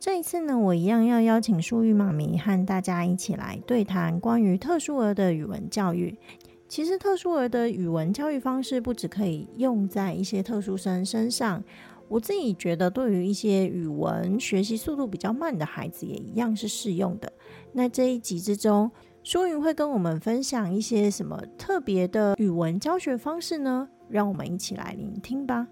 這一次呢，我一樣要邀請舒雲媽咪和大家一起來對談關於特殊兒的語文教育。其實，特殊兒的語文教育方式不只可以用在一些特殊生身上，我自己覺得對於一些語文學習速度比較慢的孩子也一樣是適用的。那這一集之中，舒雲會跟我們分享一些什麼特別的語文教學方式呢？讓我們一起來聆聽吧。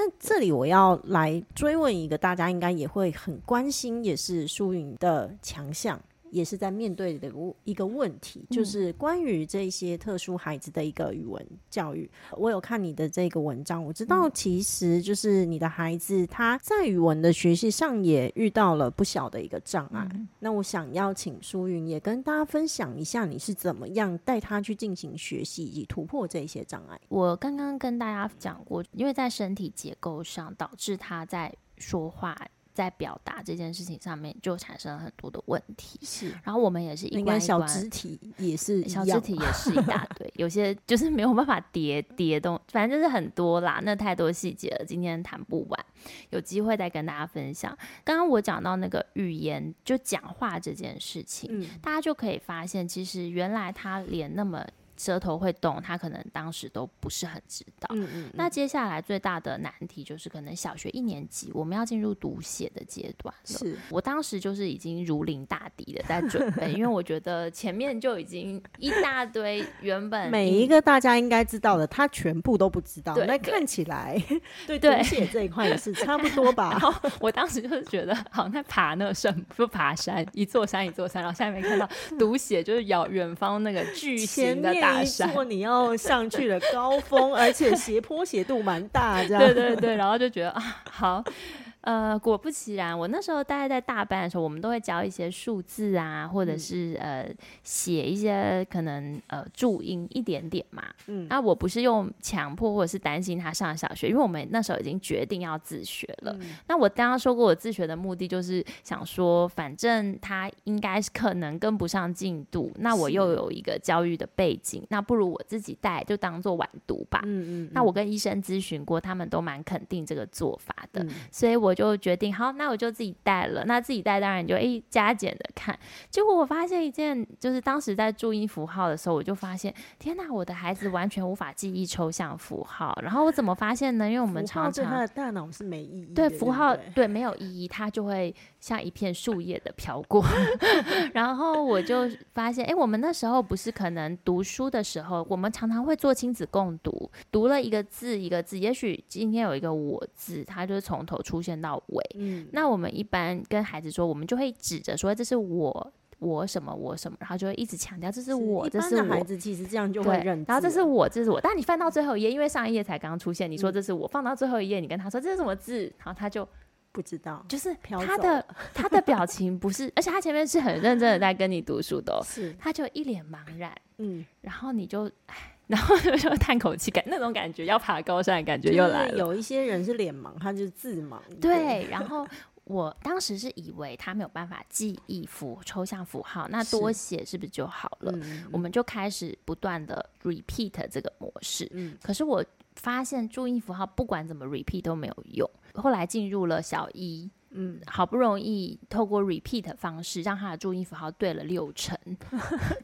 那這裡我要來追問一個，大家應該也會很關心，也是舒雲的強項，也是在面對的一個問題，就是關於這些特殊孩子的一個語文教育。嗯、我有看你的這個文章，我知道其實就是你的孩子，嗯、他在語文的學習上也遇到了不小的一個障礙。嗯、那我想要請舒云也跟大家分享一下，你是怎麼樣帶他去進行學習以及突破這些障礙。我剛剛跟大家講過，因為在身體結構上導致他在說話。在表達這件事情上面，就產生了很多的問題。是，然後我們也是一關一關應該小肢體也是，小肢體也是一大堆， 有些就是沒有辦法疊疊動，反正就是很多啦，那太多細節了，今天談不完，有機會再跟大家分享。剛剛我講到那個語言就講話這件事情，嗯、大家就可以發現，其實原來他連那麼。舌頭會動，他可能當時都不是很知道。嗯嗯,嗯。那接下來最大的難題就是，可能小學一年級我們要進入讀寫的階段了。是我當時就是已經如臨大敵的在準備， 因為我覺得前面就已經一大堆原本每一個大家應該知道的，他全部都不知道。那看起來對,對,對讀寫這一塊也是差不多吧。 然後我當時就是覺得好像在爬那個什麼就是、爬山，一座山一座山，然後下面看到讀寫就是遙遠方那個巨型的大。你說 你要上去的高峰， 而且斜坡斜度蠻大，啊，這樣 對對對，然後就覺得 啊，好。呃，果不其然，我那時候大概在大班的時候，我們都會教一些數字啊，或者是、嗯、呃寫一些可能呃注音一點點嘛。嗯。那我不是用強迫，或者是擔心他上小學，因為我們那時候已經決定要自學了。嗯、那我剛剛說過，我自學的目的就是想說，反正他應該是可能跟不上進度，那我又有一個教育的背景，那不如我自己帶，就當做晚讀吧。嗯嗯，嗯。那我跟醫生諮詢過，他們都蠻肯定這個做法的，嗯、所以我。我就決定好，那我就自己帶了。那自己帶當然你就哎、欸，加減的看。結果我發現一件，就是當時在注音符號的時候，我就發現，天哪，我的孩子完全無法記憶抽象符號。然後我怎麼發現呢？因為我們常常他的大腦是沒意義，對符號對沒有意義，他就會。像一片樹葉的飄過 然後我就發現，哎、欸，我們那時候不是可能讀書的時候，我們常常會做親子共讀，讀了一個字一個字，也許今天有一個“我”字，它就是從頭出現到尾、嗯。那我們一般跟孩子說，我們就會指着說：“這是我，我什麼，我什麼。”然後就會一直強調：“這是我。這是我”一般的孩子其實這樣就會認。對，然後這是我，這是我。但你翻到最後一頁，因為上一頁才剛出現，你說：“這是我。嗯”放到最後一頁，你跟他說：“這是什麼字？”然後他就。不知道，就是他的他的表情不是， 而且他前面是很認真的在跟你讀書的、哦，是他就一臉茫然，嗯，然後你就，然後就嘆口氣感，感那種感覺要爬高山的感覺又來了。就是、有一些人是臉盲，他就是字盲對，對。然後我當時是以為他沒有辦法記憶符抽象符號，那多寫是不是就好了？嗯、我們就開始不斷的 repeat 這個模式，嗯、可是我發現注音符號不管怎麼 repeat 都沒有用。後來進入了小一、e,，嗯，好不容易透過 repeat 方式讓他的注音符號對了六成，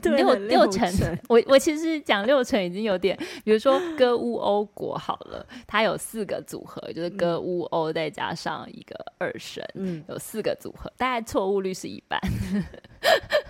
六 六成。 六六成 我我其實講六成已經有點，比如說歌烏歐國好了， 它有四個組合，就是歌烏歐再加上一個二聲。嗯，有四個組合，大概錯誤率是一半。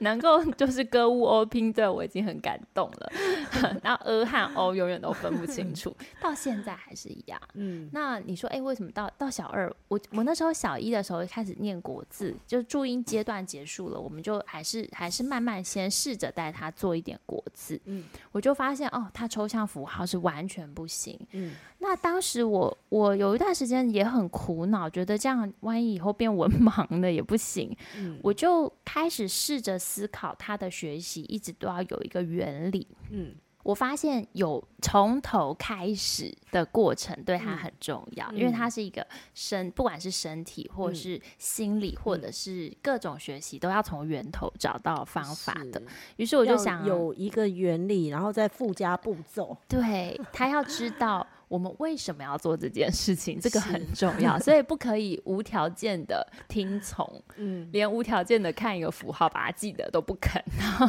能夠就是歌舞、歐拼對我已經很感動了， 然後俄和歐永遠都分不清楚， 到現在還是一樣。嗯，那你說，哎、欸，為什麼到到小二，我我那時候小一的時候開始念國字，就注音階段結束了，我們就還是還是慢慢先試着帶他做一點國字。嗯。我就發現哦，他抽象符號是完全不行。嗯那當時我我有一段時間也很苦惱，覺得這樣萬一以後變文盲了也不行，嗯。我就開始試着思考他的學習，一直都要有一個原理。嗯，我發現有從頭開始的過程對他很重要，嗯，因為他是一個身，不管是身體或是心理，或者是各種學習，都要從源頭找到方法的。於是，是我就想有一個原理，然後再附加步驟。對，他要知道。 我們為什麼要做這件事情？這個很重要，所以不可以無條件的聽從， 嗯，連無條件的看一個符號把它記得都不肯。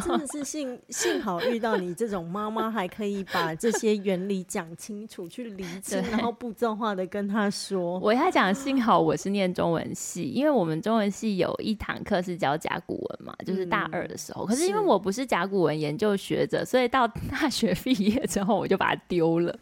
真的是幸 幸好遇到你這種媽媽，還可以把這些原理講清楚，去理解， 然後步驟化的跟他說。 我跟他講，幸好我是念中文系， 因為我們中文系有一堂課是教甲骨文嘛，就是大二的時候，嗯。可是因為我不是甲骨文研究學者，所以到大學畢業之後我就把它丟了。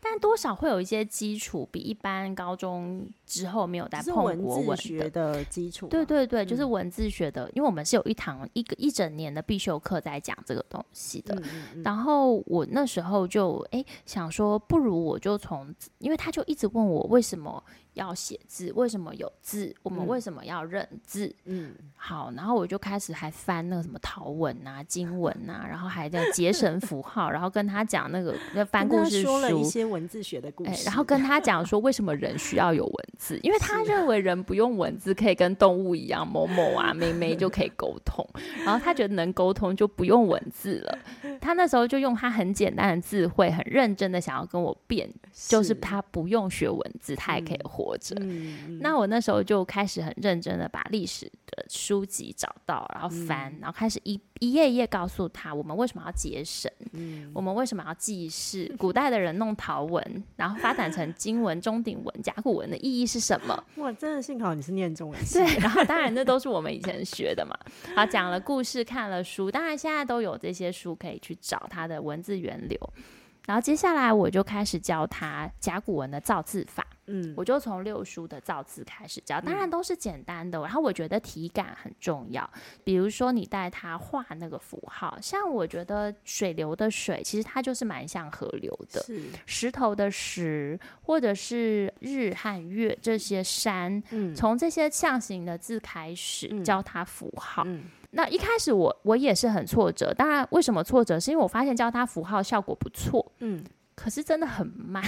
但多。至少會有一些基礎，比一般高中之後沒有在碰過國文的基礎。對對對，就是文字學的，因為我們是有一堂一個一整年的必修課在講這個東西的。然後我那時候就誒、欸、想說，不如我就從，因為他就一直問我為什麼。要寫字，為什麼有字？我們為什麼要認字？嗯，好，然後我就開始還翻那個什麼陶文啊、金文啊，嗯、然後還在結繩符號， 然後跟他講那個那翻故事書，說了一些文字學的故事。欸、然後跟他講說，為什麼人需要有文字？ 因為他認為人不用文字可以跟動物一樣，某某啊、咩咩就可以溝通。 然後他覺得能溝通就不用文字了。 他那時候就用他很簡單的字彙，很認真的想要跟我辯，就是他不用學文字，他也可以活、嗯。或、嗯、者、嗯，那我那時候就開始很認真的把歷史的書籍找到，然後翻，嗯、然後開始一頁一頁一頁告訴他我們為什麼要結繩、嗯，我們為什麼要記事是是，古代的人弄陶文，然後發展成金文、鐘鼎文、甲骨文的意義是什麼？哇，真的，幸好你是念中文，對。然後當然，那都是我們以前學的嘛。 好，講了故事，看了書，當然現在都有這些書可以去找他的文字源流。然後接下來我就開始教他甲骨文的造字法。嗯，我就從六書的造字開始教，當然都是簡單的哦，嗯。然後我覺得體感很重要，比如說你帶他畫那個符號，像我覺得水流的水，其實它就是蠻像河流的；石頭的石，或者是日和月這些山，嗯，從這些象形的字開始教他符號，嗯。那一開始我我也是很挫折，當然為什麼挫折，是因為我發現教他符號效果不錯，嗯。可是真的很慢，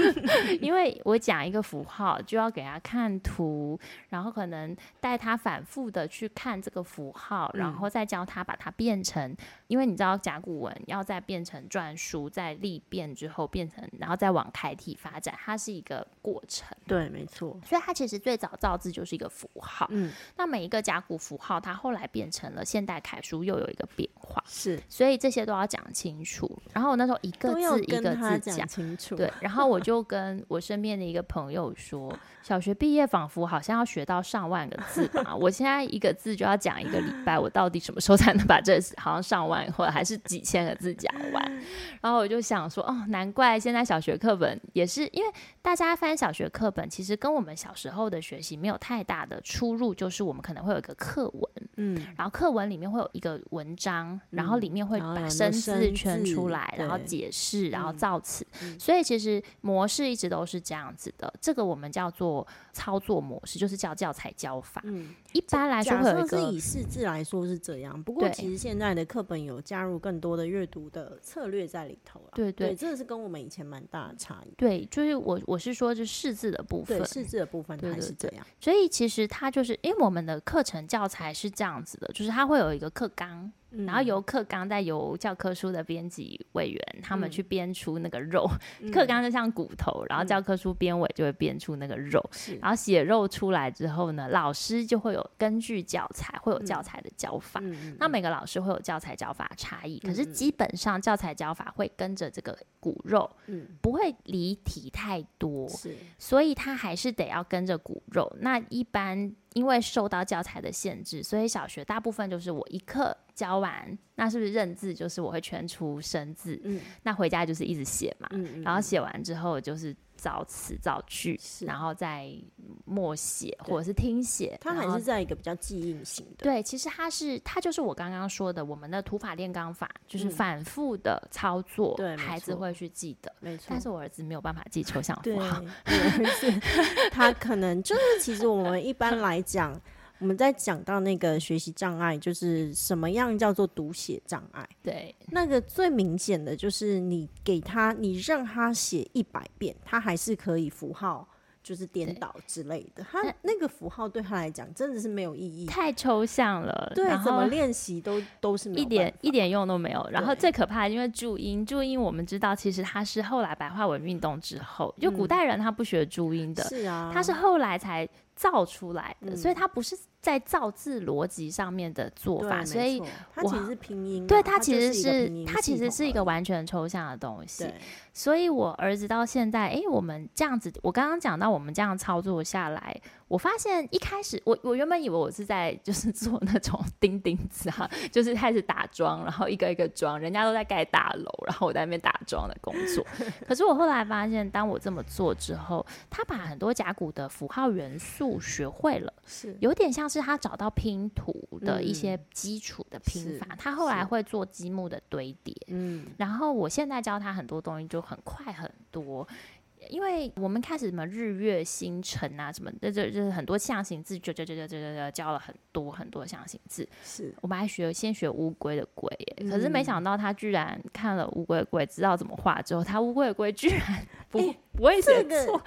因為我講一個符號，就要給他看圖，然後可能帶他反覆的去看這個符號，然後再教他把它變成。因為你知道甲骨文要再變成篆書，在隸變之後變成，然後再往楷體發展，它是一個過程。對，沒錯。所以它其實最早造字就是一個符號，嗯。那每一個甲骨符號，它後來變成了現代楷書，又有一個變化。是，所以這些都要講清楚。然後我那時候一個字一個字。講清楚，對， 然後我就跟我身邊的一個朋友說，小學畢業仿佛好像要學到上萬個字吧？ 我現在一個字就要講一個禮拜，我到底什麼時候才能把這好像上萬或者還是幾千個字講完？ 然後我就想說，哦，難怪現在小學課本也是，因為大家翻小學課本，其實跟我們小時候的學習沒有太大的出入，就是我們可能會有一個課文，嗯，然後課文裡面會有一個文章，嗯、然後裡面會把生字圈出來，然後解釋，然後造成。嗯嗯、所以其實模式一直都是這樣子的。這個我們叫做操作模式，就是叫教材教法。嗯、一般來說，可是以識字來說是這樣，不過其實現在的課本有加入更多的閱讀的策略在裡頭了。對對，對，對，這個是跟我們以前蠻大的差異。對，就是我我是說，就識字的部分，識字的部分還是這樣對對對。所以其實它就是因為我們的課程教材是這樣子的，就是它會有一個課綱。然後由課綱再由教科書的編輯委員，嗯、他們去編出那個肉、嗯。課綱就像骨頭，然後教科書編委就會編出那個肉、嗯。然後寫肉出來之後呢，老師就會有根據教材，會有教材的教法。嗯、那每個老師會有教材教法差異、嗯，可是基本上教材教法會跟着這個骨肉，嗯，不會離題太多。是，所以他還是得要跟着骨肉。那一般。因為受到教材的限制，所以小學大部分就是我一課教完，那是不是認字就是我會圈出生字，嗯，那回家就是一直寫嘛，嗯嗯，然後寫完之後就是。找詞找句，然後再默寫或者是聽寫，它還是這樣一個比較記憶型的。對，其實它是，它就是我剛剛說的，我們的土法煉鋼法、嗯，就是反覆的操作，對孩子會去記得。沒錯，但是我兒子沒有辦法記抽象符號，對 而且他可能就是，其實我們一般來講。 我們在講到那個學習障礙，就是什麼樣叫做讀寫障礙？對，那個最明顯的就是你給他，你讓他寫一百遍，他還是可以符號就是顛倒之類的。他那個符號對他來講真的是沒有意義，太抽象了。對，怎麼練習都都是沒有，一點一點用都沒有。然後最可怕的，因為注音，注音我們知道，其實它是後來白話文運動之後、嗯，就古代人他不學注音的，是、嗯、啊，他是後來才造出來的，嗯、所以他不是。在造字邏輯上面的做法，所以我，其實是拼音，對，它其實是啊，它其實是，它是它其實是一個完全抽象的東西。所以我兒子到現在，誒，欸，我們這樣子，我剛剛講到我們這樣操作下來。我發現一開始，我我原本以為我是在就是做那種釘釘子哈，就是開始打樁，然後一個一個樁，人家都在蓋大樓，然後我在那邊打樁的工作。 可是我後來發現，當我這麼做之後，他把很多甲骨的符號元素學會了，是有點像是他找到拼圖的一些基礎的拼法。嗯，他後來會做積木的堆疊，嗯，然後我現在教他很多東西就很快很多。因為我們開始什麼日月星辰啊，什麼這這這是很多象形字，就就就就就教教了很多很多象形字是。是我們還學先學烏龜的龜耶，嗯，可是沒想到他居然看了烏龜的龜，知道怎麼畫之後，他烏龜的龜居然不，欸。我也是、這個 這個，這個這個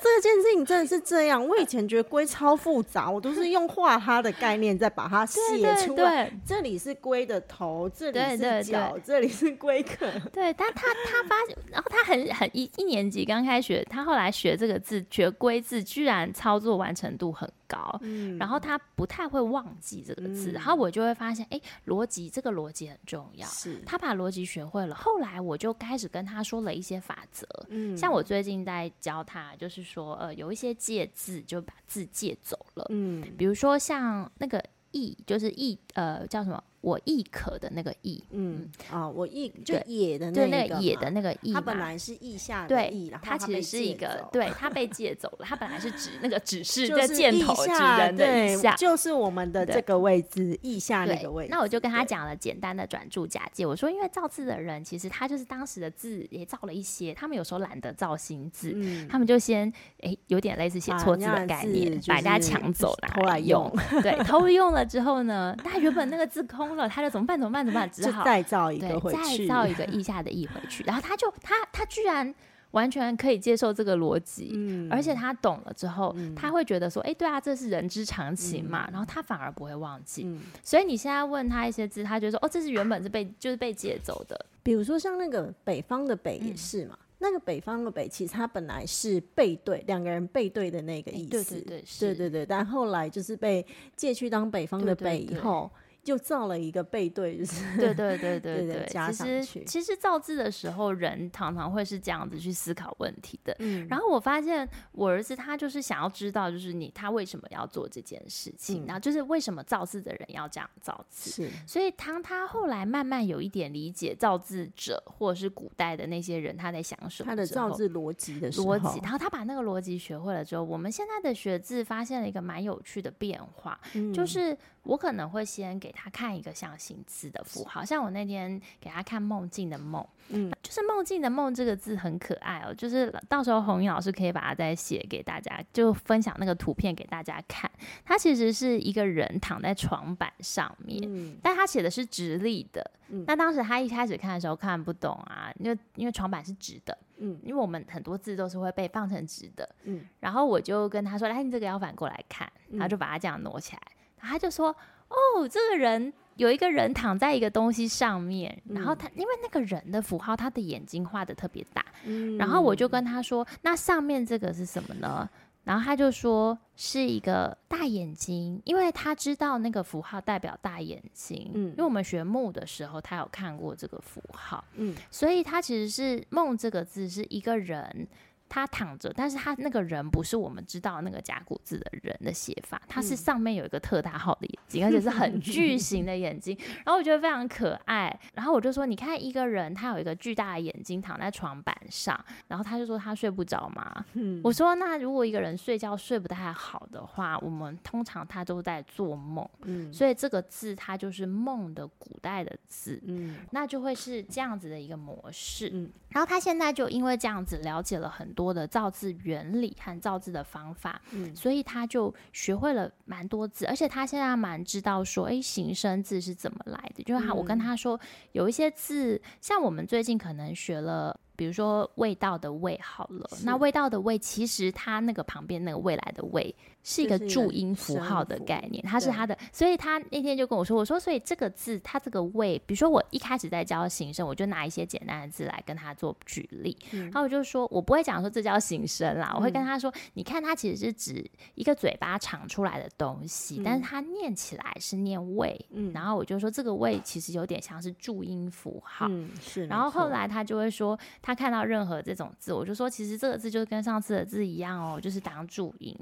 這件事情真的是這樣。我以前覺得龜超複雜，我都是用畫它的概念再把它寫出來。 對對對對，這裡是龜的頭，這裡是腳，對對對對，這裡是龜殼。對，他他他發現，然後他很很一一年級剛開學，他後來學這個字，學龜字，居然操作完成度很高。高，然後他不太會忘記這個字，嗯、然後我就會發現，哎、欸，邏輯這個邏輯很重要，是，他把邏輯學會了，後來我就開始跟他說了一些法則，嗯，像我最近在教他，就是說，呃，有一些借字就把字借走了，嗯，比如說像那個“易”，就是“易”，呃，叫什麼？我亦可的那個亦。嗯，啊、哦，我亦就也的那個對，那個也的那個亦，他本來是腋下的，對，他，他其實是一個， 對，他被借走了， 他本來是指那個指示的、就是、箭頭指的，對，下就是我們的這個位置，腋下那個位置。那我就跟他講了簡單的轉注假借。我說因為造字的人其實他就是當時的字也造了一些，他們有時候懶得造新字、嗯，他們就先哎、欸、有點類似寫錯字的概念，啊就是、把人家搶走了，就是、偷來用，用 對，偷用了之後呢，那原本那個字空。出了他就怎麼辦？怎麼辦？怎麼辦？只好再造一個回去，再造一個腋下的腋回去。 然後他就他他居然完全可以接受這個邏輯，而且他懂了之後、嗯，他會覺得說：“哎，對啊，這是人之常情嘛、嗯。”然後他反而不會忘記、嗯。所以你現在問他一些字，他就說：“哦，這是原本是被就是被借走的。”比如說像那個北方的北也是嘛、嗯，那個北方的北其實他本來是背對兩個人背對的那個意思、欸，對對對，對對對，對。但後來就是被借去當北方的北以後。就造了一個背對字，就是，對對對對對，對，加上去，其實其實造字的時候，人常常會是這樣子去思考問題的。嗯、然後我發現我兒子他就是想要知道，就是你他為什麼要做這件事情、嗯，然後就是為什麼造字的人要這樣造字。是，所以當他後來慢慢有一點理解造字者或者是古代的那些人他在想什麼，他的造字邏輯的時候邏輯，然後他把那個邏輯學會了之後，我們現在的學字發現了一個蠻有趣的變化，嗯、就是我可能會先給。他看一個象形字的符號，像我那天給他看“夢境”的夢，嗯，就是“夢境”的夢這個字很可愛哦、喔。就是到時候紅英老師可以把它再寫給大家，就分享那個圖片給大家看。他其實是一個人躺在床板上面，嗯、但他寫的是直立的、嗯。那當時他一開始看的時候看不懂啊，因為因為床板是直的，嗯，因為我們很多字都是會被放成直的，嗯。然後我就跟他說：“來、嗯，你這個要反過來看。”然後就把它這樣挪起來，嗯、他就說。哦，這個人有一個人躺在一個東西上面，然後他、嗯、因為那個人的符號，他的眼睛畫得特別大、嗯，然後我就跟他說，那上面這個是什麼呢？然後他就說是一個大眼睛，因為他知道那個符號代表大眼睛，嗯，因為我們學“目”的時候，他有看過這個符號，嗯，所以他其實是“夢”這個字是一個人。他躺着，但是他那個人不是我們知道那個甲骨字的人的寫法、嗯，他是上面有一個特大號的眼睛， 而且是很巨型的眼睛， 然後我覺得非常可愛，然後我就說你看一個人他有一個巨大的眼睛躺在床板上，然後他就說他睡不着嘛、嗯，我說那如果一個人睡覺睡不太好的話，我們通常他都在做夢，嗯，所以這個字它就是夢的古代的字，嗯，那就會是這樣子的一個模式，嗯，然後他現在就因為這樣子了解了很。多的造字原理和造字的方法，嗯，所以他就學會了蠻多字，而且他現在蠻知道說，哎、欸，形聲字是怎麼來的。就是他，我跟他說，有一些字，像我們最近可能學了。比如說味道的味好了，那味道的味其實它那個旁邊那個未來的味是一個注音符號的概念，就是，它是它的，所以他那天就跟我說，我說所以這個字它這個味，比如說我一開始在教形聲，我就拿一些簡單的字來跟他做舉例，嗯，然後我就說，我不會講說這叫形聲啦，我會跟他說，嗯，你看它其實是指一個嘴巴嘗出來的東西，嗯，但是它念起來是念味，嗯，然後我就說這個味其實有點像是注音符號，嗯是，然後後來他就會說。他看到任何這種字，我就說，其實這個字就是跟上次的字一樣哦，就是當注音，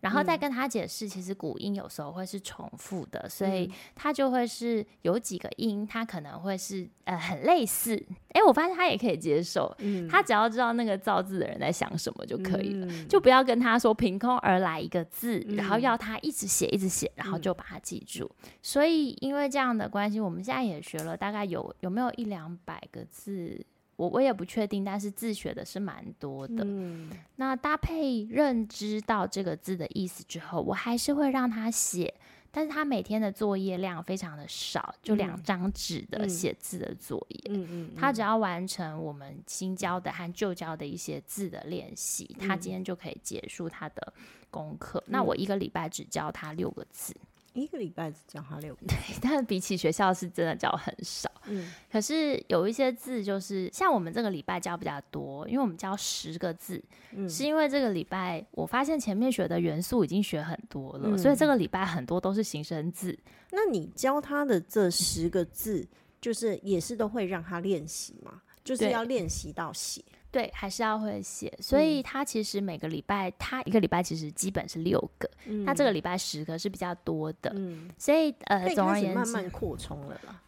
然後再跟他解釋，其實古音有時候會是重複的，嗯、所以他就會是有幾個音，他可能會是呃很類似。誒，我發現他也可以接受、嗯，他只要知道那個造字的人在想什麼就可以了，嗯、就不要跟他說憑空而來一個字、嗯，然後要他一直寫一直寫，然後就把它記住、嗯。所以因為這樣的關係，我們現在也學了大概有有沒有一兩百個字。我我也不確定，但是字學的是蠻多的、嗯。那搭配認知到這個字的意思之後，我還是會讓他寫，但是他每天的作業量非常的少，就兩張紙的寫字的作業、嗯嗯嗯嗯。他只要完成我們新教的和舊教的一些字的練習，他今天就可以結束他的功課、嗯。那我一個禮拜只教他六個字。一個禮拜只教他六個字，但比起學校是真的教很少。嗯、可是有一些字就是像我們這個禮拜教比較多，因為我們教十個字，嗯、是因為這個禮拜我發現前面學的元素已經學很多了，嗯、所以這個禮拜很多都是形聲字。那你教他的這十個字，嗯、就是也是都會讓他練習嘛？就是要練習到寫。對，還是要會寫，所以他其實每個禮拜，嗯、他一個禮拜其實基本是六個、嗯，他這個禮拜十個是比較多的，嗯、所以呃，以總而言之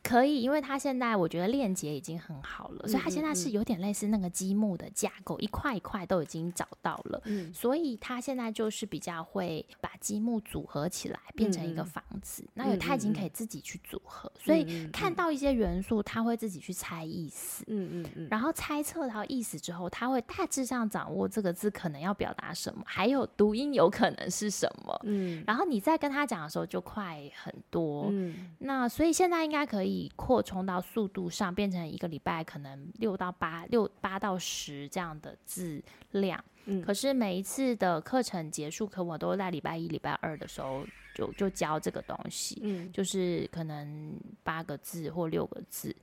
可以，因為他現在我覺得鏈接已經很好了，嗯、所以他現在是有點類似那個積木的架構，嗯、一塊一塊都已經找到了、嗯，所以他現在就是比較會把積木組合起來變成一個房子。嗯、那有他已經可以自己去組合、嗯，所以看到一些元素，他會自己去猜意思，嗯嗯嗯，然後猜測到意思之後。然後他會大致上掌握這個字可能要表達什麼，還有讀音有可能是什麼。嗯，然後你再跟他講的時候就快很多。嗯，那所以現在應該可以擴充到速度上，變成一個禮拜可能六到八六八到十這樣的字量。嗯，可是每一次的課程結束，可我都在禮拜一、禮拜二的時候就就教這個東西。嗯，就是可能八個字或六個字。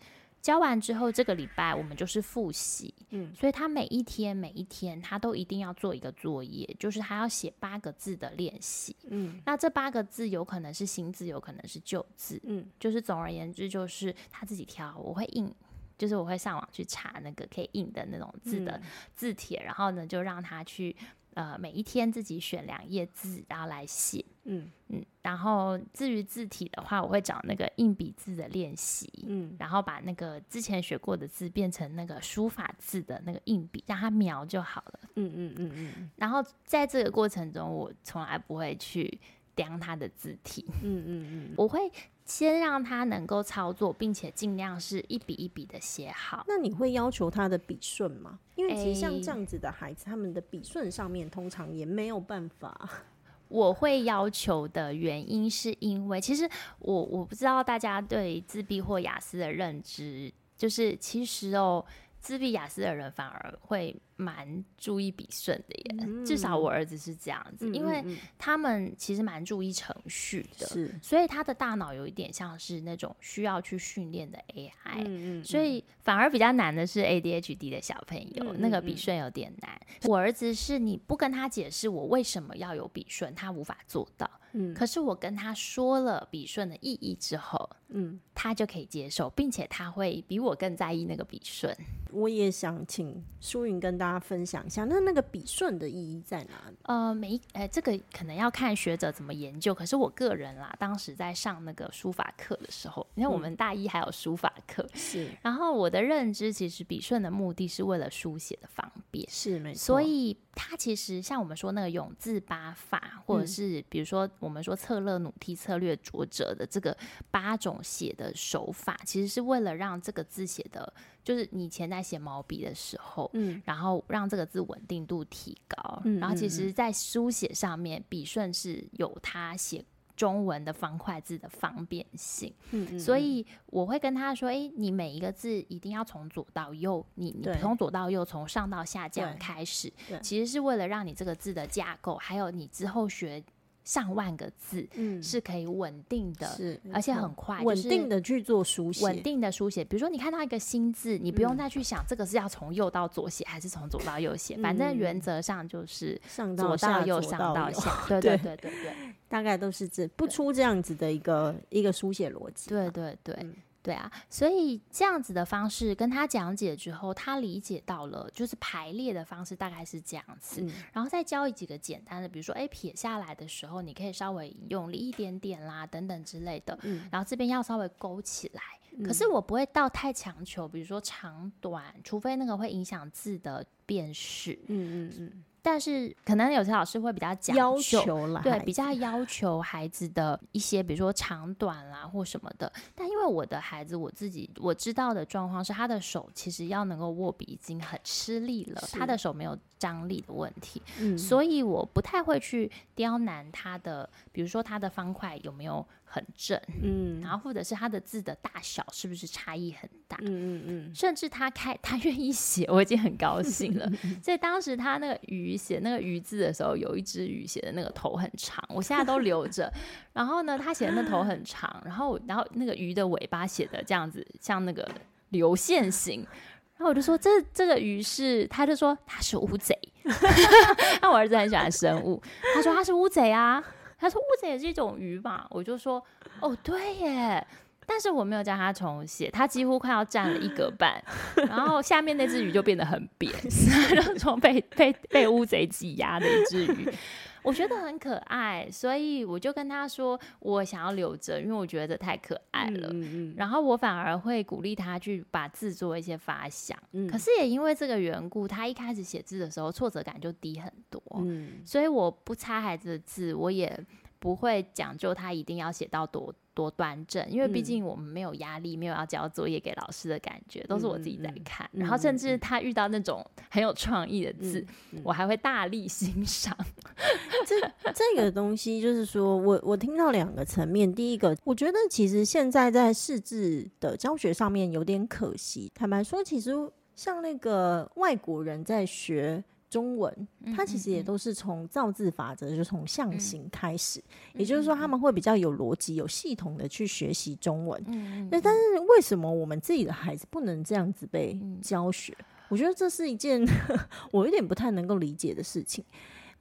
教完之後，這個禮拜我們就是複習。嗯，所以他每一天每一天，他都一定要做一個作業，就是他要寫八個字的練習。嗯，那這八個字有可能是新字，有可能是舊字。嗯，就是總而言之，就是他自己挑，我會印，就是我會上網去查那個可以印的那種字的字帖，然後呢，就讓他去。呃，每一天自己選兩頁字，然後來寫。嗯嗯，然後至於字體的話，我會找那個硬筆字的練習。嗯，然後把那個之前學過的字變成那個書法字的那個硬筆，讓它描就好了。嗯嗯嗯嗯。然後在這個過程中，我從來不會去。量他的字體，嗯嗯嗯，我會先讓他能夠操作，並且盡量是一筆一筆的寫好。那你會要求他的筆順嗎？因為其實像這樣子的孩子，欸、他們的筆順上面通常也沒有辦法。我會要求的原因是因為，其實我我不知道大家對自閉或亞斯的認知，就是其實哦、喔，自閉亞斯的人反而會。蠻注意筆順的耶、嗯，至少我兒子是這樣子，嗯，因為他們其實蠻注意程序的，是，所以他的大腦有一點像是那種需要去訓練的 AI，嗯嗯，所以反而比較難的是 ADHD 的小朋友，嗯，那個筆順有點難，嗯嗯嗯。我兒子是你不跟他解釋我為什麼要有筆順，他無法做到，嗯，可是我跟他說了筆順的意義之後，嗯，他就可以接受，並且他會比我更在意那個筆順。我也想請舒雲跟大。分享一下，那那個筆順的意義在哪裡？呃，每一，哎、欸，這個可能要看學者怎麼研究。可是我個人啦，當時在上那個書法課的時候，你、嗯、看我們大一還有書法課是，然後我的認知其實筆順的目的是為了書寫的方便，是沒錯，所以。它其實，像我們說那個永字八法，或者是比如說我們說側勒努趯策掠啄磔的這個八種寫的手法，其實是為了讓這個字寫的，就是你以前在寫毛筆的時候，嗯，然後讓這個字穩定度提高，嗯，然後其實，在書寫上面筆順是有他寫過。中文的方塊字的方便性，嗯，所以我會跟他說：“哎、欸，你每一個字一定要從左到右，你你從左到右，從上到下這樣開始，其實是為了讓你這個字的架構，還有你之後學。”上萬個字，嗯、是可以穩定的，而且很快，穩定的去做書寫，穩、就是、穩定的書寫。比如說，你看到一個新字，你不用再去想這個是要從右到左寫，還是從左到右寫、嗯，反正原則上就是左到右，到上到右上到下，到對，對，對對對對對，大概都是這。不出這樣子的一個一個書寫邏輯，對對對，對、嗯。對啊，所以這樣子的方式跟他講解之後，他理解到了，就是排列的方式大概是這樣子。嗯、然後再教一幾個簡單的，比如說，誒撇下來的時候，你可以稍微用力一點點啦，等等之類的。嗯、然後這邊要稍微勾起來，嗯，可是我不會到太強求，比如說長短，除非那個會影響字的辨識。嗯嗯嗯。但是可能有些老師會比較講究，對，比較要求孩子的一些，比如說長短啦、啊、或什麼的。但因為我的孩子，我自己我知道的狀況是，他的手其實要能夠握筆已經很吃力了，他的手沒有張力的問題，嗯，所以我不太會去刁難他的，比如說他的方塊有沒有，很正，嗯，然後或者是他的字的大小是不是差異很大？嗯嗯嗯，甚至他開他願意寫，我已經很高興了。嗯嗯、所以當時他那個魚寫那個魚字的時候，有一隻魚寫的那個頭很長，我現在都留着。 然後呢，他寫的那頭很長，然後然後那個魚的尾巴寫的這樣子，像那個流線型。然後我就說這這個魚是，他就說他是烏賊。那、 啊、我兒子很喜歡生物，他說他是烏賊啊。他說烏賊也是一種魚嘛，我就說哦對耶，但是我沒有叫他重寫，他幾乎快要佔了一格半，然後下面那隻魚就變得很扁，然後從被被被烏賊擠壓的一隻魚。 我覺得很可愛，所以我就跟他說，我想要留着，因為我覺得太可愛了。嗯嗯嗯、然後我反而會鼓勵他去把字做一些發想。嗯、可是也因為這個緣故，他一開始寫字的時候挫折感就低很多。嗯、所以我不擦孩子的字，我也不會講究他一定要寫到多多。多端正，因為畢竟我們沒有壓力、嗯，沒有要交作業給老師的感覺，都是我自己在看。嗯嗯、然後，甚至他遇到那種很有創意的字，嗯嗯、我還會大力欣賞。嗯嗯、 這這個東西，就是說我我聽到兩個層面。第一個，我覺得其實現在在識字的教學上面有點可惜。坦白說，其實像那個外國人在學。中文，它其實也都是從造字法則、嗯嗯嗯，就從象形開始。嗯、也就是說，他們會比較有邏輯、嗯嗯嗯、有系統的去學習中文嗯嗯嗯。但是為什麼我們自己的孩子不能這樣子被教學？嗯嗯我覺得這是一件呵呵我有點不太能夠理解的事情。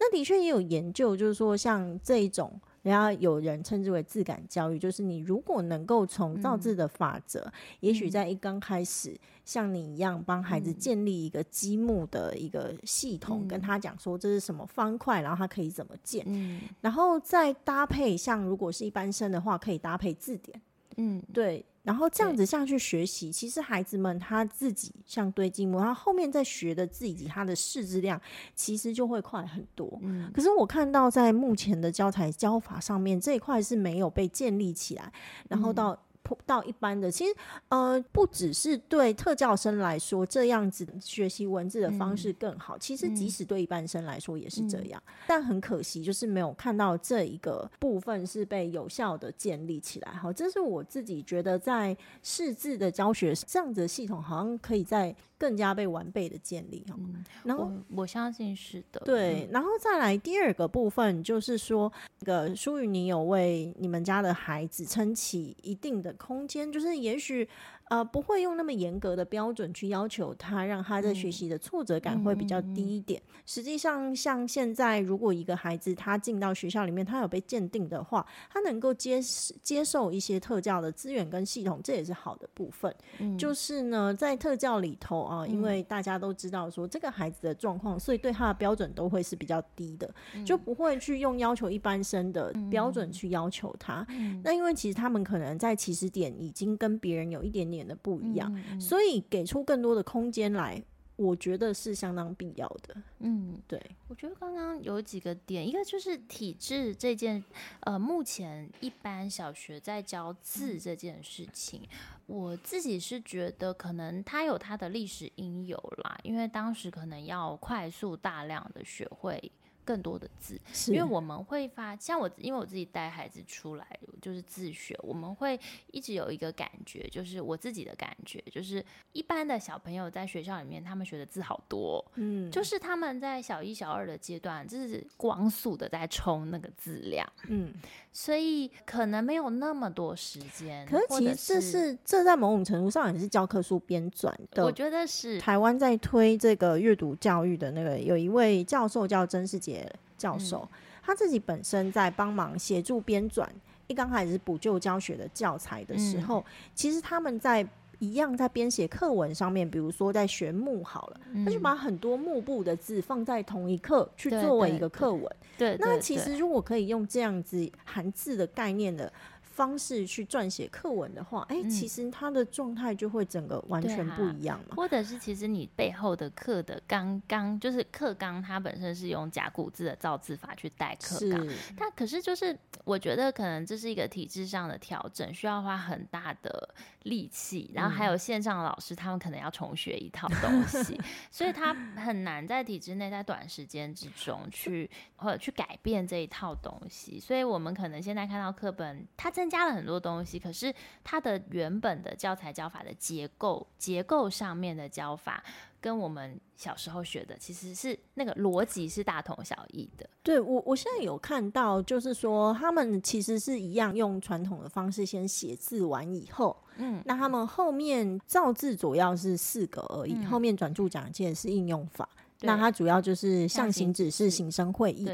那的確也有研究，就是說像這一種。然後有人稱之為字感教育，就是你如果能夠從造字的法則、嗯，也許在一剛開始、嗯，像你一樣幫孩子建立一個積木的一個系統、嗯，跟他講說這是什麼方塊，然後他可以怎麼建，嗯、然後再搭配像如果是一般生的話，可以搭配字典，嗯，對。然後這樣子下去學習，其實孩子們他自己相對進步，他後面在學的字以及他的識字量其實就會快很多、嗯。可是我看到在目前的教材教法上面這一塊是沒有被建立起來，然後到、嗯。到一般的，其實呃，不只是對特教生來說這樣子學習文字的方式更好，嗯，其實即使對一般生來說也是這樣。嗯，但很可惜，就是沒有看到這一個部分是被有效的建立起來。哈，這是我自己覺得在識字的教學這樣子的系統，好像可以再更加被完備的建立哈，嗯。然後我，我相信是的，對。然後再來第二個部分，就是說那個舒雲，你有為你們家的孩子撐起一定的。空間就是，也許。啊、呃，不會用那麼嚴格的標準去要求他，讓他的學習的挫折感會比較低一點。嗯嗯嗯、實際上，像現在如果一個孩子他進到學校裡面，他有被鑑定的話，他能夠接接受一些特教的資源跟系統，這也是好的部分。嗯、就是呢，在特教裡頭啊，因為大家都知道說、嗯、這個孩子的狀況，所以對他的標準都會是比較低的，嗯、就不會去用要求一般生的標準去要求他、嗯嗯。那因為其實他們可能在起始點已經跟別人有一點點。嗯、不一樣，所以給出更多的空間來，我覺得是相當必要的。嗯，對，我覺得剛剛有幾個點，一個就是體制這件，呃，目前一般小學在教字這件事情，嗯、我自己是覺得可能它有它的歷史因由啦，因為當時可能要快速大量的學會。更多的字，因為我們會發，像我，因為我自己帶孩子出來就是自學，我們會一直有一個感覺，就是我自己的感覺，就是一般的小朋友在學校裡面，他們學的字好多，嗯，就是他們在小一、小二的階段，就是光速的在衝那個字量，嗯，所以可能沒有那麼多時間。可是其實這是，是這在某種程度上也是教科書編纂的，我覺得是台灣在推這個閱讀教育的那個，有一位教授叫曾世杰。教授他自己本身在幫忙協助編纂，一剛開始補救教學的教材的時候，嗯、其實他們在一樣在編寫課文上面，比如說在學木好了、嗯，他就把很多木部的字放在同一課去作為一個課文。對，對，對，對，對，對，那其實如果可以用這樣子漢字的概念的。方式去撰寫課文的話，哎，其實他的狀態就會整個完全不一樣了，嗯啊。或者是其實你背後的課的綱綱，就是課綱，它本身是用甲骨字的造字法去代課綱。但可是就是，我覺得可能這是一個體制上的調整，需要花很大的力氣，然後還有線上老師，他們可能要重學一套東西，嗯、 所以他很難在體制內在短時間之中去或者去改變這一套東西。所以我們可能現在看到課本，它增加了很多東西，可是它的原本的教材教法的結構，結構上面的教法。跟我們小時候學的其實是那個邏輯是大同小異的。對我，我現在有看到，就是說他們其實是一樣，用傳統的方式先寫字完以後，嗯，那他們後面造字主要是四個而已，嗯、後面轉注假借是應用法。那它主要就是象形指事、形聲會意這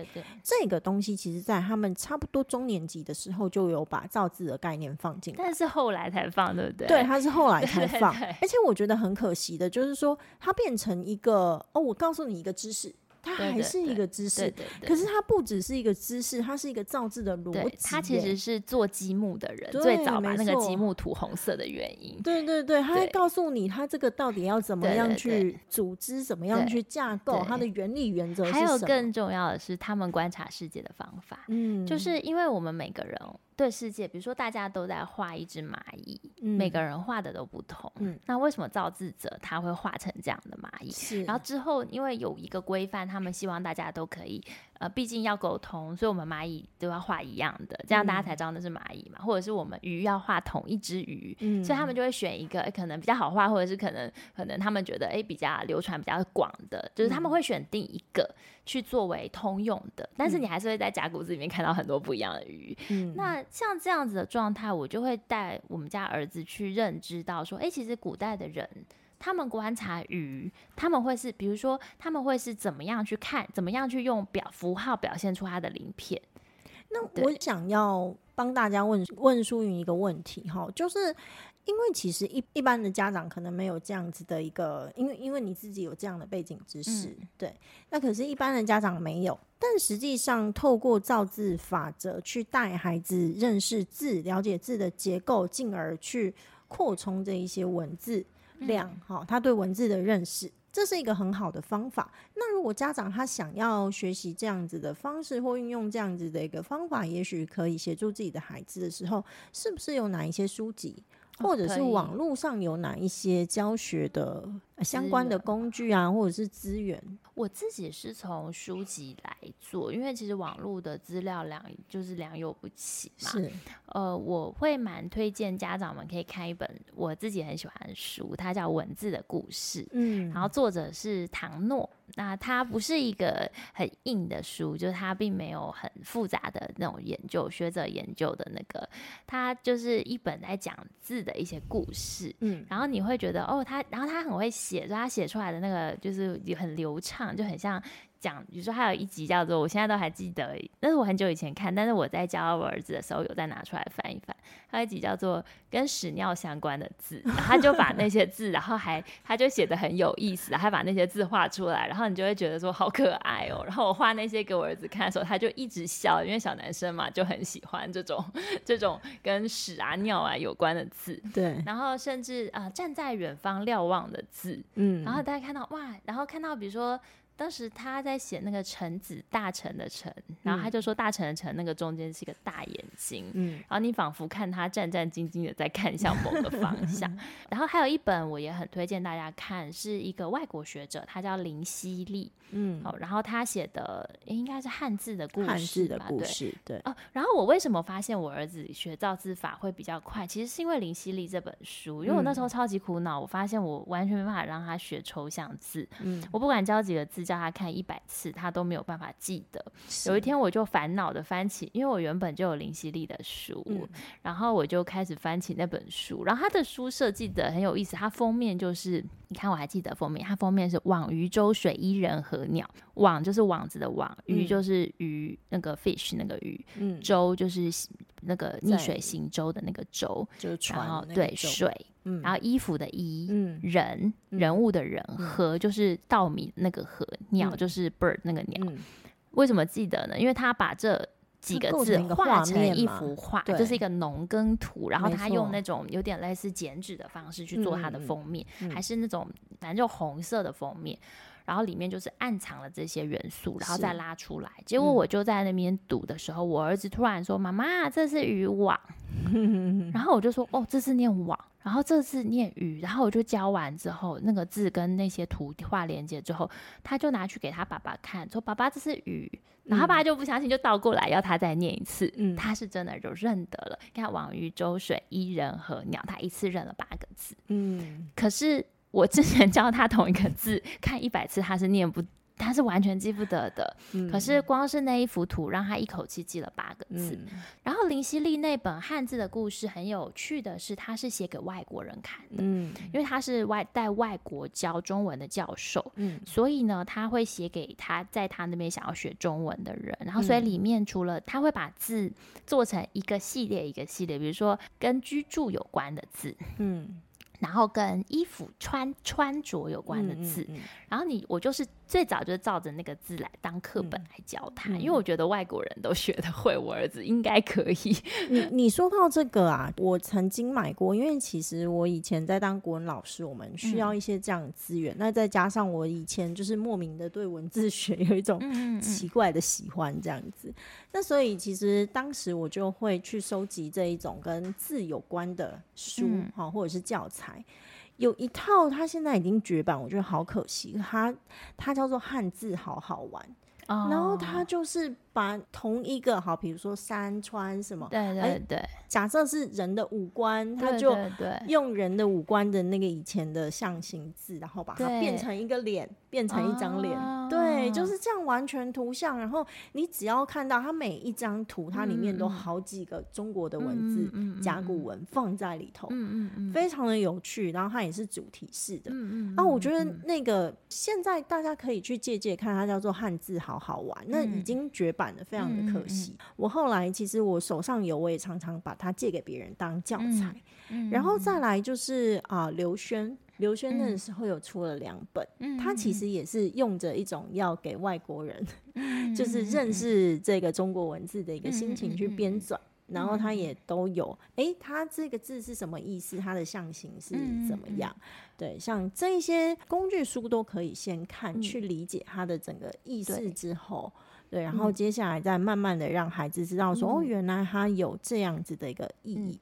個東西，其實在他們差不多中年級的時候就有把造字的概念放進來，但是後來才放，對不對？對，它是後來才放。對對對。而且我覺得很可惜的就是說，它變成一個哦，我告訴你一個知識。它還是一個知識對對對對，可是它不只是一個知識，對對對，它是一個造字的邏輯。它其實是做積木的人，對，最早把那個積木塗紅色的原因。對對對，對他會告訴你，他這個到底要怎麼樣去組織，對對對對，怎麼樣去架構對對對，它的原理原則是什麼。還有更重要的是，他們觀察世界的方法。嗯，就是因為我們每個人。對世界，比如說大家都在畫一只螞蟻，嗯、每個人畫的都不同。嗯、那為什麼造字者他會畫成這樣的螞蟻？是，然後之後因為有一個規範，他們希望大家都可以。呃，畢竟要溝通，所以我們螞蟻都要畫一樣的，這樣大家才知道那是螞蟻嘛、嗯。或者是我們魚要畫同一隻魚、嗯，所以他們就會選一個，欸、可能比較好畫，或者是可能可能他們覺得哎、欸、比較流傳比較廣的，就是他們會選定一個去作為通用的、嗯。但是你還是會在甲骨字裡面看到很多不一樣的魚。嗯、那像這樣子的狀態，我就會帶我們家兒子去認知到說，說、欸、哎，其實古代的人。他們觀察魚，他們會是，比如說，他們會是怎麼樣去看，怎麼樣去用表符號表現出他的鱗片？那我想要幫大家問問舒雲一個問題，哈，就是因為其實一一般的家長可能沒有這樣子的一個，因為因為你自己有這樣的背景知識、嗯，對，那可是一般的家長沒有，但實際上透過造字法則去帶孩子認識字，了解字的結構，進而去擴充這一些文字。量哈、喔，他對文字的認識，這是一個很好的方法。那如果家長他想要學習這樣子的方式或運用這樣子的一個方法，也許可以協助自己的孩子的時候，是不是有哪一些書籍，或者是網絡上有哪一些教學的？相關的工具啊，或者是資源，我自己是從書籍來做，因為其實網絡的資料量就是良莠不齊嘛。是，呃，我會蠻推薦家長們可以看一本我自己很喜歡的書，它叫《文字的故事》，嗯，然後作者是唐諾，那它不是一個很硬的書，就是它並沒有很複雜的那種研究學者研究的那個，它就是一本在講字的一些故事，嗯，然後你會覺得哦，它，然後它很會寫。寫他寫出來的那個就是也很流暢，就很像，講，比如說，還有一集叫做，我現在都還記得，那是我很久以前看，但是我在教我兒子的時候，有再拿出來翻一翻。還有一集叫做跟屎尿相關的字，然後他就把那些字，然後還他就寫得很有意思，他把那些字畫出來，然後你就會覺得說好可愛哦。然後我畫那些給我兒子看的時候，他就一直笑，因為小男生嘛就很喜歡這種這種跟屎啊尿啊有關的字。對。然後甚至啊、呃，站在遠方瞭望的字，嗯，然後大家看到哇，然後看到比如說。當時他在寫那個“臣子、大臣”的“臣”，然後他就說“大臣的臣”那個中間是一個大眼睛，嗯，然後你仿佛看他戰戰兢兢的在看向某個方向。 然後還有一本我也很推薦大家看，是一個外國學者，他叫林西莉，嗯、哦，然後他寫的應該是漢字的故事吧，漢字的故事，對，對哦。然後我為什麼發現我兒子學造字法會比較快？其實是因為林西莉這本書，因為我那時候超級苦惱，我發現我完全沒辦法讓他學抽象字，嗯，我不管教幾個字，叫他看一百次，他都沒有辦法記得。有一天，我就煩惱的翻起，因為我原本就有林西莉的書、嗯，然後我就開始翻起那本書。然後他的書設計的很有意思，他封面就是，你看我還記得封面，他封面是“網漁舟水伊人和鳥”，網就是網子的網，魚就是魚、嗯，那個 fish 那個魚，舟就是。那個逆水行舟的那個舟，就是船，對，水、嗯，然後衣服的衣，嗯、人人物的人和、嗯、就是稻米那個禾、嗯、鳥就是 bird 那個鳥、嗯。為什麼記得呢？因為他把這幾個字畫成一幅畫，就是一個農耕圖。然後他用那種有點類似剪紙的方式去做他的封面、嗯嗯嗯，還是那種反正就紅色的封面。然後裡面就是暗藏了這些元素，然後再拉出來。結果我就在那邊讀的時候、嗯，我兒子突然說：“媽媽，這是魚網。 ”然後我就說：“哦，這是念網，然後這是念魚。”然後我就教完之後，那個字跟那些圖畫連接之後，他就拿去給他爸爸看，說：“爸爸，這是魚。嗯”然後他爸爸就不相信，就倒過來要他再念一次。嗯、他是真的就認得了。看“網魚、舟、水、伊、人、和鳥”，他一次認了八個字。嗯，可是。我之前教他同一個字，看一百次他是念不，他是完全記不得的。嗯、可是光是那一幅圖，讓他一口氣記了八個字。嗯、然後林西莉那本漢字的故事很有趣的是，他是寫給外國人看的，嗯、因為他是外在外國教中文的教授，嗯、所以呢，他會寫給他在他那邊想要學中文的人。然後所以裡面除了他會把字做成一個系列一個系列，比如說跟居住有關的字，嗯。然後跟衣服穿穿着有關的字，嗯嗯、然後你我就是最早就照着那個字來當課本來教他。嗯嗯，因為我覺得外國人都學的會，我兒子應該可以。你、嗯、你說到這個啊，我曾經買過，因為其實我以前在當國文老師，我們需要一些這樣的資源。嗯。那再加上我以前就是莫名的對文字學有一種奇怪的喜歡，這樣子。嗯嗯嗯。那所以其實當時我就會去收集這一種跟字有關的書哈、嗯啊，或者是教材。有一套，它現在已經絕版，我覺得好可惜。它它叫做漢字好好玩。哦，然後它就是。把同一個好，比如說山川什麼，對對對，欸、假設是人的五官，對對對，他就用人的五官的那個以前的象形字，對對對，然後把它變成一個臉，變成一張臉、哦，對，就是這樣完全圖像。然後你只要看到它每一張圖、嗯，它裡面都好幾個中國的文字，嗯嗯嗯嗯、甲骨文放在裡頭、嗯嗯嗯，非常的有趣。然後它也是主題式的，啊、嗯，嗯、我覺得那個、嗯、現在大家可以去借借看，它叫做漢字，好好玩、嗯。那已經絕版。非常的可惜。我後來其實我手上有，我也常常把它借給別人當教材、嗯嗯。然後再來就是啊、呃，劉軒劉軒那個時候有出了兩本、嗯，他其實也是用着一種要給外國人，嗯、 就是認識這個中國文字的一個心情去編撰、嗯嗯，然後他也都有，哎，他這個字是什麼意思？他的象形是怎麼樣、嗯？對，像這一些工具書都可以先看，嗯、去理解他的整個意思之、嗯、後。對，然後接下來再慢慢的讓孩子知道說，嗯、哦，原來它有這樣子的一個意義。嗯、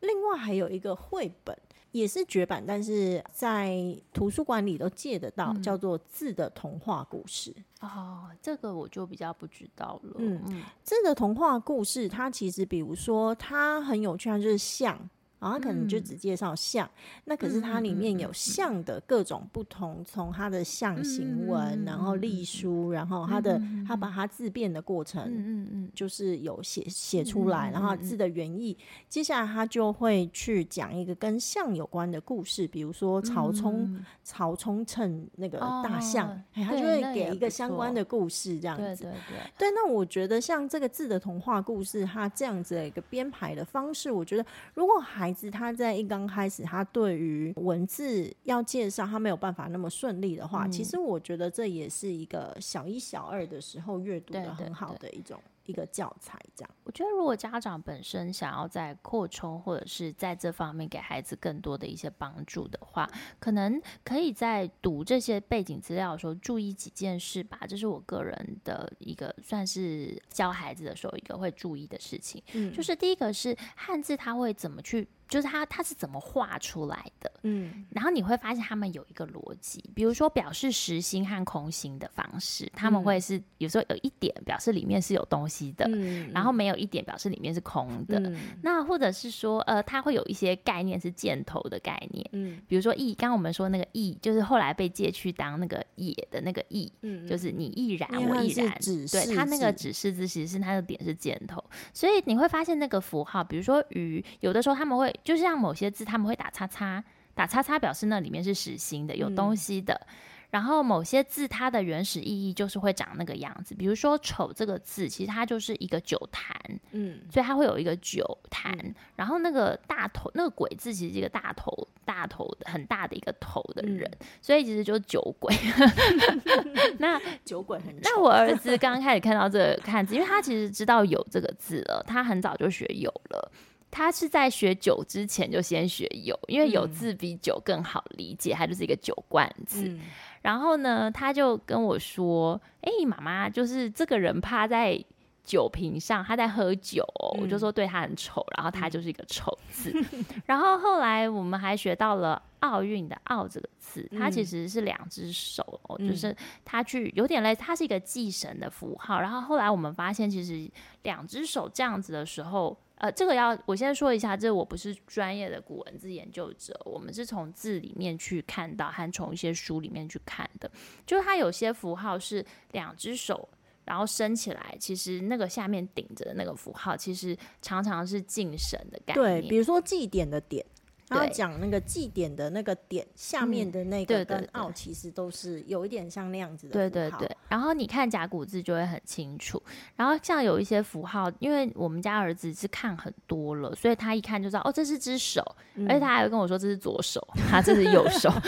另外還有一個繪本也是絕版，但是在圖書館裡都借得到，叫做《字的童話故事》嗯。哦，這個我就比較不知道了。嗯嗯，《字的童話故事》它其實比如說它很有趣，它就是像。然、哦、後可能就只介紹象、嗯。那可是它裡面有象的各種不同，從、嗯、它的象形文、嗯，然後隸書，然後它的它、嗯、把它字變的過程，嗯嗯，就是有寫寫、嗯、出來、嗯，然後字的原意、嗯，接下來他就會去講一個跟象有關的故事，嗯、比如說曹沖、嗯、曹沖稱那個大象、哦，他就會給一個相關的故事這樣子。對，那，對，對，對，對那我覺得像這個字的童話故事，它這樣子的一個編排的方式，我覺得如果還孩子他在一剛開始，他對於文字要介紹，他沒有辦法那麼順利的話、嗯，其實我覺得這也是一個小一、小二的時候閱讀的很好的一種一個教材。這樣、嗯對對對對，我覺得如果家長本身想要在擴充或者是在這方面給孩子更多的一些幫助的話，可能可以在讀這些背景資料的時候注意幾件事吧。這是我個人的一個算是教孩子的時候一個會注意的事情，嗯、就是第一個是漢字，他會怎麼去。就是它，它是怎麼畫出來的？嗯，然後你會發現他們有一個邏輯，比如說表示實心和空心的方式，他們會是有時候有一點表示裡面是有東西的，嗯，然後沒有一點表示裡面是空的。嗯。那或者是說，呃，它會有一些概念是箭頭的概念，嗯，比如說“亦”，剛剛我們說那個“亦”，就是後來被借去當那個“也”的那個“亦”，嗯，就是你亦然，我亦然，對，對，它那個指事字其實是，是，是它的點是箭頭，所以你會發現那個符號，比如說“魚”，有的時候他們會。就是像某些字，他們會打叉叉，打叉叉表示那裡面是實心的，有東西的。嗯、然後某些字，它的原始意義就是會長那個樣子。比如說“醜”這個字，其實它就是一個酒壇，嗯，所以它會有一個酒壇。嗯、然後那個大頭，那個鬼字其實是一個大頭、大頭很大的一個頭的人、嗯，所以其實就是酒鬼。 那酒鬼很……那我兒子剛剛開始看到這個看字， 因為他其實知道“有”這個字了，他很早就學“有了”。他是在學酒之前就先學酉，因為酉字比酒更好理解，嗯，它就是一個酒罐子，嗯。然後呢，他就跟我說：“哎、欸，媽媽，就是這個人趴在酒瓶上，他在喝酒，哦。嗯”我就說對他很醜，然後他就是一個醜字。嗯、然後後來我們還學到了奧運的“奧”這個字，他其實是兩隻手、哦嗯，就是他去有點類似，是一個祭神的符號。然後後來我們發現，其實兩隻手這樣子的時候。呃，這個要我先說一下，這個、我不是專業的古文字研究者，我們是從字裡面去看到，和從一些書裡面去看的。就是它有些符號是兩只手，然後伸起來，其實那個下面頂着的那個符號，其實常常是敬神的概念。對，比如說祭典的典。然後講那個祭典的那個點下面的那個跟奧，其實都是有一點像那樣子的。嗯、對，對對對。然後你看甲骨字就會很清楚。然後像有一些符號，因為我們家兒子是看很多了，所以他一看就知道哦，這是只手，而且他還會跟我說這是左手，他、嗯啊、這是右手。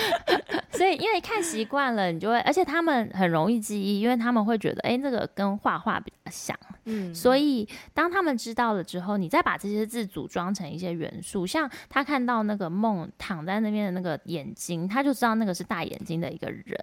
所以因為看習慣了，你就會，而且他們很容易記憶，因為他們會覺得，哎，那個跟畫畫比。想，嗯，所以當他們知道了之後，你再把這些字組裝成一些元素，像他看到那個夢躺在那邊的那個眼睛，他就知道那個是大眼睛的一個人。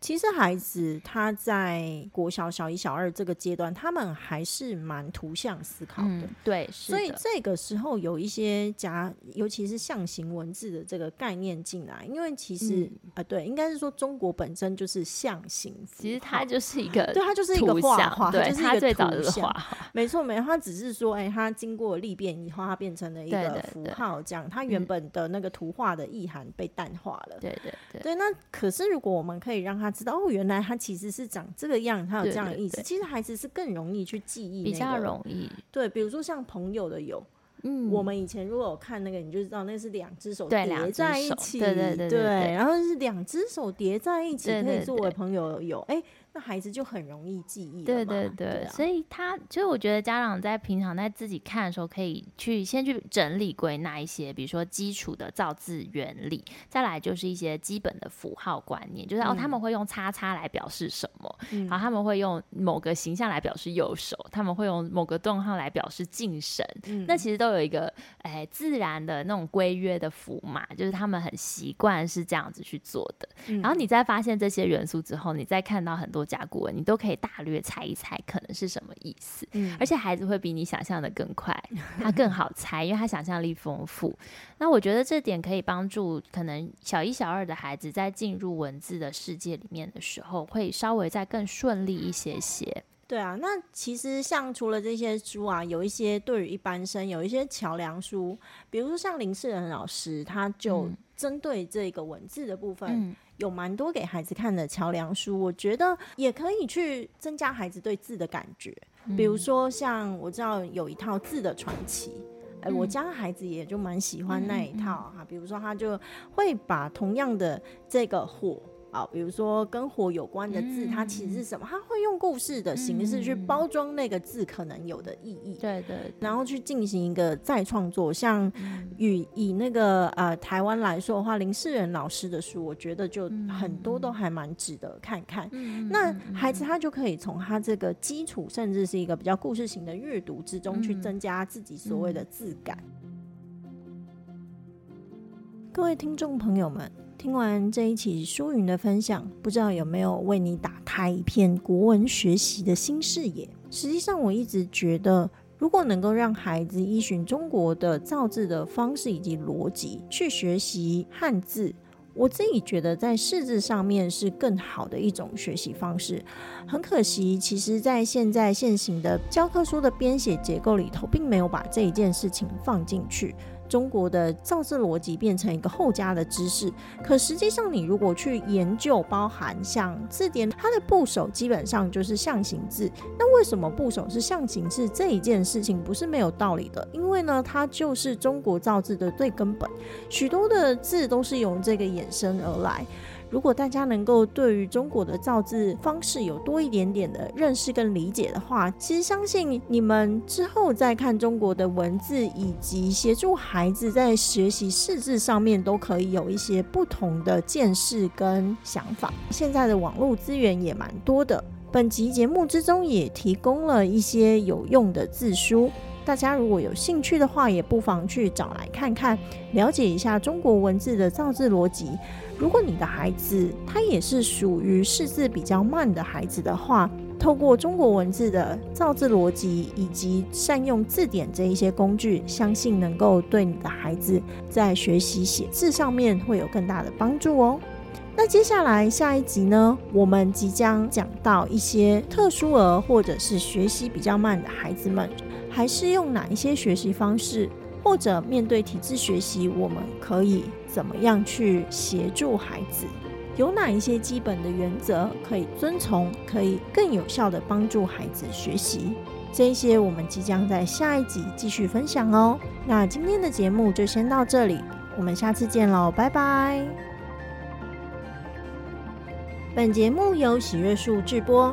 其實孩子他在國小小一、小二這個階段，他們還是蠻圖像思考的。嗯、對是的，所以這個時候有一些加，尤其是象形文字的這個概念進來。因為其實啊、嗯呃，對，應該是說中國本身就是象形，其實它就是一個，對，它就是一個畫畫，對，它就是一個對它最早是畫，沒錯，沒錯。它只是說，哎、欸，它經過歷變以後，它變成了一個符號，對對對這樣。它原本的那個圖畫的意涵被淡化了。對對對，對。所那可是，如果我們可以讓它。知道哦，原來他其實是長這個樣，他有這樣的意思。對對對，其實孩子是，是更容易去記憶、那個，比較容易。對，比如說像朋友的友，嗯，我們以前如果有看那個，你就知道那是兩隻手疊在一起，對，對，對，對，對，對，對，然後是兩隻手疊在一起，對對對，可以作為朋友的友，哎。誒那孩子就很容易記憶，對對對，對啊，所以他其實我覺得家長在平常在自己看的時候，可以去先去整理歸納一些，比如說基礎的造字原理，再來就是一些基本的符號觀念，就是、嗯、哦他們會用叉叉來表示什麼，嗯，然後他們會用某個形象來表示右手，他們會用某個頓號來表示敬神，嗯，那其實都有一個哎自然的那種規約的符碼，就是他們很習慣是這樣子去做的，嗯，然後你在發現這些元素之後，你再看到很多。甲骨文，你都可以大略猜一猜，可能是什麼意思。嗯。而且孩子會比你想象的更快，他更好猜，因為他想象力豐富。 那我覺得這點可以幫助可能小一小二的孩子在進入文字的世界裡面的時候，會稍微再更順利一些些。對啊，那其實像除了這些書啊，有一些對於一般生有一些橋樑書，比如說像林世仁老師，他就針對這個文字的部分。嗯嗯有蠻多給孩子看的橋樑書，我覺得也可以去增加孩子對字的感覺。比如說，像我知道有一套《字的傳奇》欸，我家孩子也就蠻喜歡那一套哈啊。比如說，他就會把同樣的這個火。啊，比如說跟火有關的字，嗯、它其實是什麼？他會用故事的形式去包裝那個字可能有的意義，對、嗯、對，然後去進行一個再創作，像與、嗯、以那個呃台灣來說的話，林世仁老師的書，我覺得就很多都還蠻值得看看、嗯。那孩子他就可以從他這個基礎，甚至是一個比較故事型的閱讀之中、嗯，去增加自己所謂的字感。各位聽眾朋友們，聽完這一期舒雲的分享，不知道有沒有為你打開一片國文學習的新視野？實際上，我一直覺得，如果能夠讓孩子依循中國的造字的方式以及邏輯去學習漢字，我自己覺得在識字上面是更好的一種學習方式。很可惜，其實在現在現行的教科書的編寫結構裡頭，並沒有把這一件事情放進去。中國的造字邏輯變成一個後加的知識，可實際上，你如果去研究，包含像字典，它的部首基本上就是象形字。那為什麼部首是象形字？這一件事情不是沒有道理的，因為呢，它就是中國造字的最根本，許多的字都是由這個衍生而來。如果大家能夠對於中國的造字方式有多一點點的認識跟理解的話，其實相信你們之後再看中國的文字，以及協助孩子在學習識字上面，都可以有一些不同的見識跟想法。現在的網絡資源也蠻多的，本集節目之中也提供了一些有用的字書。大家如果有興趣的話，也不妨去找來看看，了解一下中國文字的造字邏輯。如果你的孩子他也是屬於識字比較慢的孩子的話，透過中國文字的造字邏輯以及善用字典這一些工具，相信能夠對你的孩子在學習寫字上面會有更大的幫助哦。那接下來下一集呢，我們即將講到一些特殊兒或者是學習比較慢的孩子們。還是用哪一些學習方式，或者面對體制學習，我們可以怎麼樣去協助孩子？有哪一些基本的原則可以遵從，可以更有效的幫助孩子學習？這些我們即將在下一集繼續分享哦。那今天的節目就先到這裡，我們下次見嘍，拜拜。本節目由喜閱樹製播。